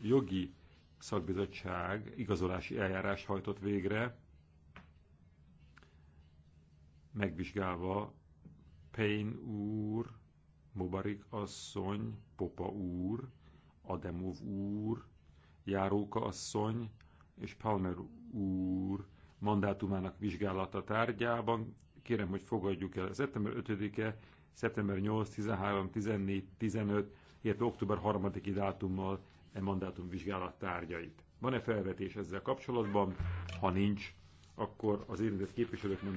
jogi szakbizottság igazolási eljárás hajtott végre, megvizsgálva Payne úr, Mubarik asszony, Popa úr, Ademov úr, Járóka asszony és Palmer úr mandátumának vizsgálata tárgyában. Kérem, hogy fogadjuk el szeptember 5-e, szeptember 8, 13, 14, 15, illetve október 3-i dátummal e mandátum vizsgálat tárgyait. Van-e felvetés ezzel kapcsolatban? Ha nincs, akkor az érintett képviselők mandátum